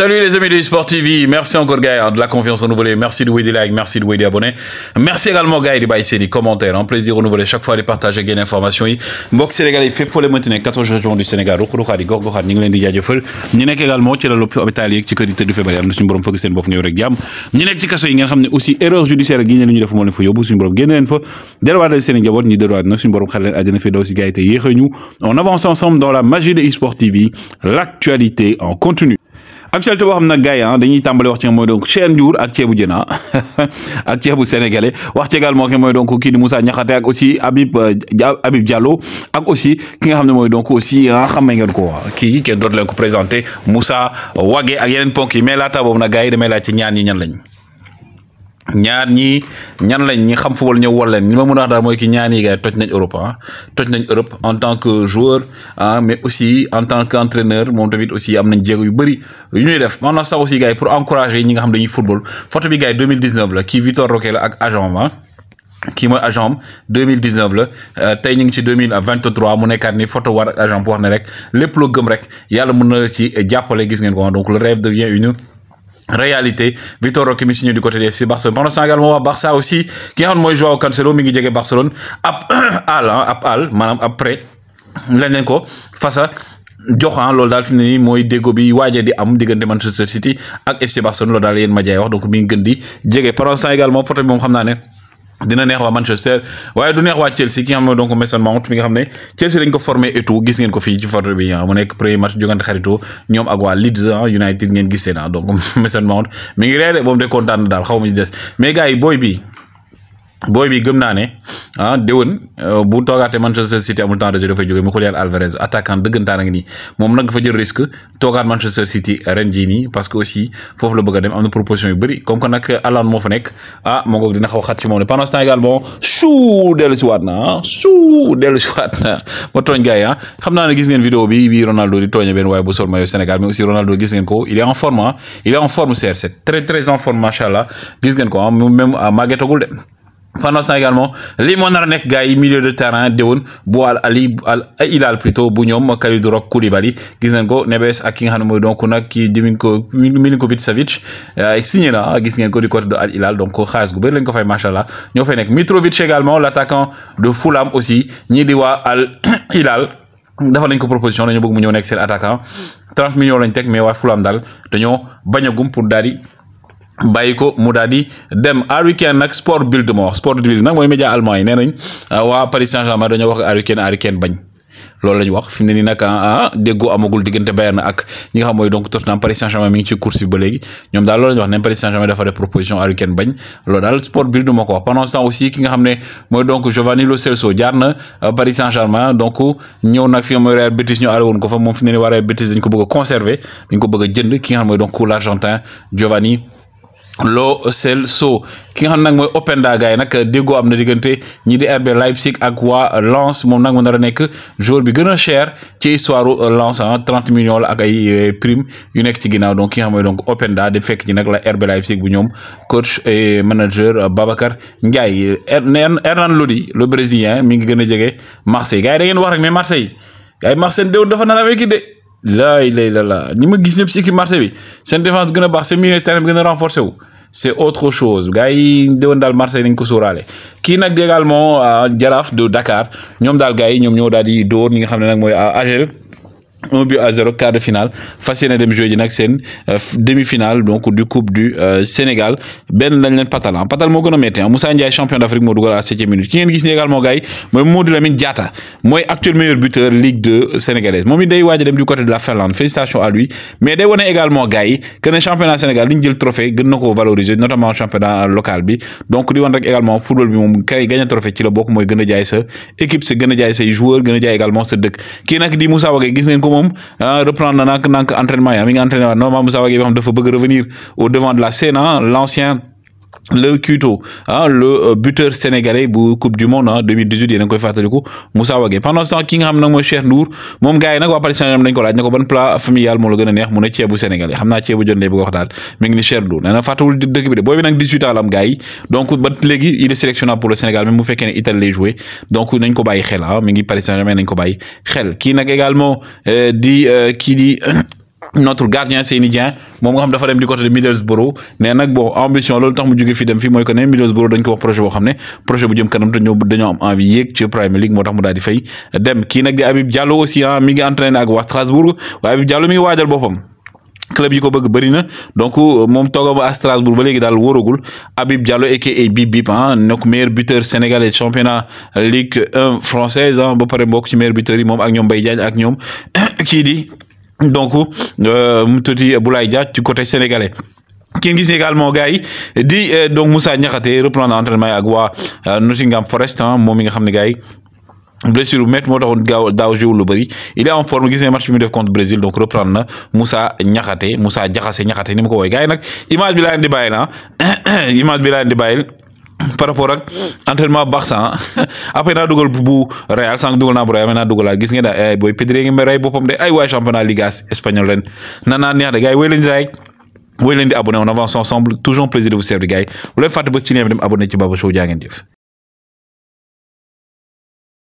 Salut les amis de Sport TV, merci encore Gaïa de la confiance renouvelée, merci de vous des likes, merci de vous des abonnés, merci également Gaïa de baisser des commentaires, un hein. plaisir renouvelé chaque fois de partager des informations. Mbok Sénégal il fait pour les maintenir 14 régions du Sénégal, Rokuro Khadi, Gorgo Khadi, Ninglen Dia Dieufel, ñu nekk également ci la l'hôpital yi ci kër yi tëdd feebar yi am suñu borom fëgg seen bopp nga yow rek jàmm ñu nekk ci kaso yi aussi erreur judiciaire gi ñu def moo leen fa yóbbu suñu borom génn leen fa delluwaat leen seen i njaboot ñi delluwaat na suñu borom xar leen àjjana fi daw si gaay te yéexee on avance ensemble dans la magie de Sport TV l'actualité en continu actualité boo xam na gars yi ah, dañuy tàmbali wax ci nga mooy donc Cheikh Ndiour ak ceebu jën ah, ak ceebu sénégalais wax ci également ki mooy donc kii di Moussa Niakhaté ak aussi Habib euh, Habib ak aussi ki nga xam ne mooy donc aussi ah xam ngeen ko ah, kii kenn doot leen ko présenté Moussa Wagué ak yeneen ponk yi mais laata boobu nag gars yi damay laaj ci ñaan yi ñan lañ ñaar ñi ñan lañ ñi xam football ñëw war ni li ma mën a wax daal mooy ki ñaan yi gars toj nañ Europe hein toj nañ Europe en tant que joueur hein mais aussi en tant que entraîneur moom tamit aussi am nañ jéego yu bari yu ñuy def maanaam sax aussi gars pour encourager ñi nga xam dañuy football photo bi gars 2019 la ki Victor Roque la ak agent hein kii mooy agent 2019 la euh, tey ngi ci 2023 mu nekkaat ni photo war agent bu wax plus rek lépp loo gëm rek yàlla mën ci jàppale gis ngeen ko donc le rêve devient une réalité Vitor Osimhen signé du côté de FC Barcelone pendant ce également waa Barça aussi ki xam ne mooy Joao Cancelo mi ngi jege Barcelone ab al ah, ab al maanaam après lañ leen ko fasa jox ah daal fi mu ne nii mooy déggoo bi di am diggante Manchester City ak FC Barcelone loolu daal yéen ma jaay wax donc mi gën di jege pendant ce temps également photo bi moom xam naa ne. dina neex waa Manchester waaye du neex waa Chelsea ki nga xam ne donc Mason Mount mi nga xam ne Chelsea dañ ko formé et gis ngeen ko fii ci photo bi ah, mu nekk premier match jogante xaritu ñoom ak waa Leeds ah, United ngeen gisee na donc Mason Mount mi ngi reere moom de kontaan na daal xaw ma des mais yi booy bi booy bi gëm naa ne ah déwén euh, bu toogaatee Manchester City amul temps de jeu dafay jógee mu Julián Álvarez attaquant dëggantaan ak nii moom nag dafa jël risque toogaat Manchester City ren jii nii parce que aussi foofu la bëgg a dem am na proposition yu bëri comme que nag Alan moo fa nekk ah moo ngoog dina xaw xat ci moom ne pendant temps également suu dellu si waat na ah suu ma tooñ gars yi ah xam naa ne gis ngeen vidéo bi bi Ronaldo di tooñe benn waaye bu sol maillot Sénégal mais aussi Ronaldo gis ngeen ko il est en forme ah pendant ça également les monarques nar gars milieu de terrain de won boal ali al ilal plutôt bu ñom Kalidou Rock Koulibaly gis nañ ko nebes ak ki nga xam donc nak ki Diminko Milinkovic Savic euh, signé na gis ngeen ko du côté de al ilal donc xaalis gu bëri lañ ko fay machallah allah fay Mitrovic également l'attaquant de Fulham aussi ñi di Wa al ilal dafa lañ ko proposition dañoo bëgg mu ñëw nek sel attaquant 30 millions lañ tek mais Wa Fulham dal dañoo bañ gum pour dali bayiko mu daal dem Harry Kane sport bild moo sport bild nak moy media allemand yi nee ah, Paris Saint-Germain dañu wax Harry Kane Harry Kane bañ loolu la wax fimné ni nak nii ah, ah déggoo amagul digënté Bayern ak ñi nga xam moy donc Tottenham Paris Saint-Germain mi ngi ci course bi ba légui ñom dal lolou la wax né Paris Saint-Germain dafa def proposition Harry Kane bañ loolu daal sport bild moo ko wax pendant ce temps aussi ki nga xam ne donc Giovanni Lo Celso jaar na ah, Paris Saint-Germain donc ñew nak fi nga Real Betis ñu arrêté woon ko fa mom fimné ni waré Betis dañ ko bëgg conserver dañ ko bëgg jënd ki nga xam moy donc l'Argentin Giovanni Lo Celso ki nga xam nag mooy Openda gars yi nag déggoo am na diggante ñi di RB Leipzig ak waa Lens moom nag mu nar a nekk joueur bi gën a cher ci histoire Lens ah trente millions la ak ay euh, prime yu nekk ci ginnaaw donc ki nga xam ne donc Openda di fekk ji nag la RB Leipzig bu ñoom coach et manager euh, Babacar Ndiaye Hernan Lodi le brésilien mi ngi gën a jege Marseille gay yi da ngeen wax rek mais Marseille gars Marseille déwén dafa nar a kii de. la là. là. ni ma gis ñëpp ci équipe Marseille. C'est défense gëna bax baax milieu terrain bi gën wu autre chose gars Marseille ko ki nak également ah, de Dakar ñom dal gars ñom ñoo dal di ñi nga Agel un but à 0 quart de finale fas yéene dem joué ji nag euh, demi-finale donc du coupe du euh, Sénégal Ben lañ leen patal ah patal moo gën a ah. Moussa Ndiaye champion d'Afrique moo dugal à septième minute ki ngeen gis ni également gars mon mooy Modou Lamine Diatta mooy actuel meilleur buteur Ligue 2 sénégalaise moom it day dem du côté de la Finlande félicitations à lui mais day wane également gars yi que ne championnat Sénégal li ñu jël trophée gën na ko valoriser notamment championnat euh, local bi donc di on rek également football bi moom kay gagné trophée ci la bokk mooy moi a jaay sa équipe sa gën a jaay say joueurs gën a jaay également sa dëkk kii nag di Moussa Wagué gis ngeen moom ah, reprendre na nak nak entraînement yi mi ngi entraîné waat normalement bi xam dafa bëgg revenir au devant de la scène ah, l'ancien le Kuto hein, le euh, buteur sénégalais la coupe du monde en 2018 il a fait coup, Moussa pendant ce temps ki nga xam cher Nour mon gars il y Paris plat familial la il a neex mu ne sénégalais bu wax a 18 ans mon gars donc il est sélectionné pour le Sénégal mais il Italie jouer donc nañ ko pas xel de ah, mi ngi Paris également euh, di qui euh, dit. notre gardien Seny Dieng moom nga xam dafa dem du côté de Middlesbrough nee nag bon ambition loolu tax mu jóge fi dem fi mooy que ne Middlesbrough dañ ko wax projet boo xam ne projet bu jëm daal nag di Habib Diallo aussi ah mi ngi entraîné ak waa waajal boppam. club yi ko bëgg bëri na donc euh, moom tooga ba à Strasbourg ba léegi daal wóoragul Habib Diallo aka Bip Bip ah nekk meilleur buteur sénégalais championnat Ligue 1 française ah ba pare mbokk ci meilleur buteur yi moom ak ñoom Mbaye Diagne ak ñoom kii di. donc euh, mu tëti Boulaye Dia ci côté sénégalais ki gis également gars yi di euh, donc Moussa Niakhaté reprendre entraînement yi ak waa euh, Nottingham Forest moom mi nga xam ne gars yi blessure bu métti moo taxoon gaaw daaw jiw lu bëri il est en forme gis nañ match bi mu def contre Brésil donc reprendre na Moussa Niakhaté Moussa Jaxase Niakhaté ni mu ko woowee gars yi nag image bi laa leen di bàyyil ah image bi laa leen di bàyyil. par rapport ak entraînement baax ah après naa dugal bu Real sànq dugal naa bu Real mais naa dugalaat gis ngeen daal eh, ay booy Pedri ngi de ay waay championnat Liga espagnol ren na naa neex de gars yi wéy leen di rek wéy leen di abonné on avance ensemble toujours plaisir de vous servir gars yi bu leen fàtte ci lien dem abonné ci Baba Show jaa ngeen